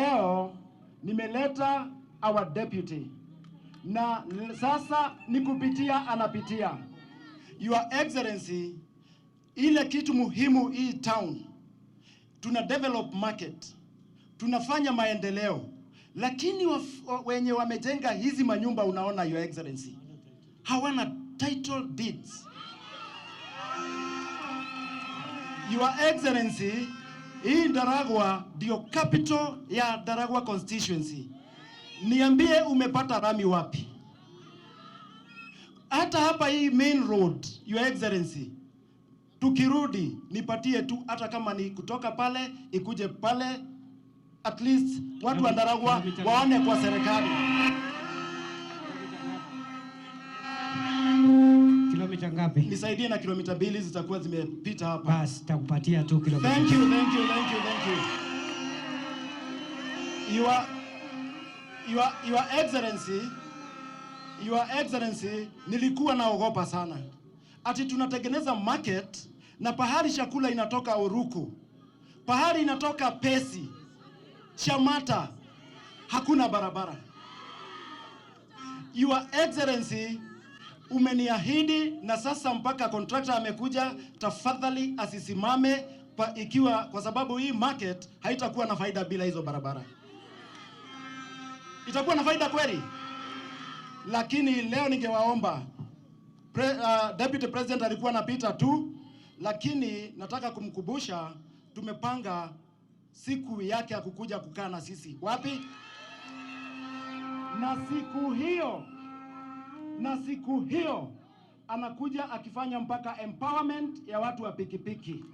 leo nimeleta our deputy na sasa ni kupitia anapitia Your Excellency, ile kitu muhimu hii town, tuna develop market, tunafanya maendeleo, lakini waf, wenye wamejenga hizi manyumba unaona, Your Excellency, hawana title deeds. Your Excellency hii Ndaragwa ndio capital ya Ndaragwa constituency. Niambie umepata rami wapi? Hata hapa hii main road, your excellency, tukirudi nipatie tu, hata kama ni kutoka pale ikuje pale, at least watu wa Ndaragwa waone kwa serikali. ngapi? Nisaidie na kilomita mbili zitakuwa zimepita hapa. Bas, takupatia tu kilomita. Thank you, thank you, thank you, thank you. You are, you are, your excellency, your excellency, nilikuwa naogopa sana. Ati tunatengeneza market na pahali chakula inatoka Uruku. Pahali inatoka Pesi. Chamata. Hakuna barabara. Your excellency umeniahidi na sasa mpaka kontrakta amekuja, tafadhali asisimame pa, ikiwa kwa sababu hii market haitakuwa na faida bila hizo barabara. Itakuwa na faida kweli, lakini leo ningewaomba Pre, uh, Deputy President alikuwa anapita tu, lakini nataka kumkumbusha tumepanga siku yake ya kukuja kukaa na sisi wapi, na siku hiyo na siku hiyo anakuja akifanya mpaka empowerment ya watu wa pikipiki.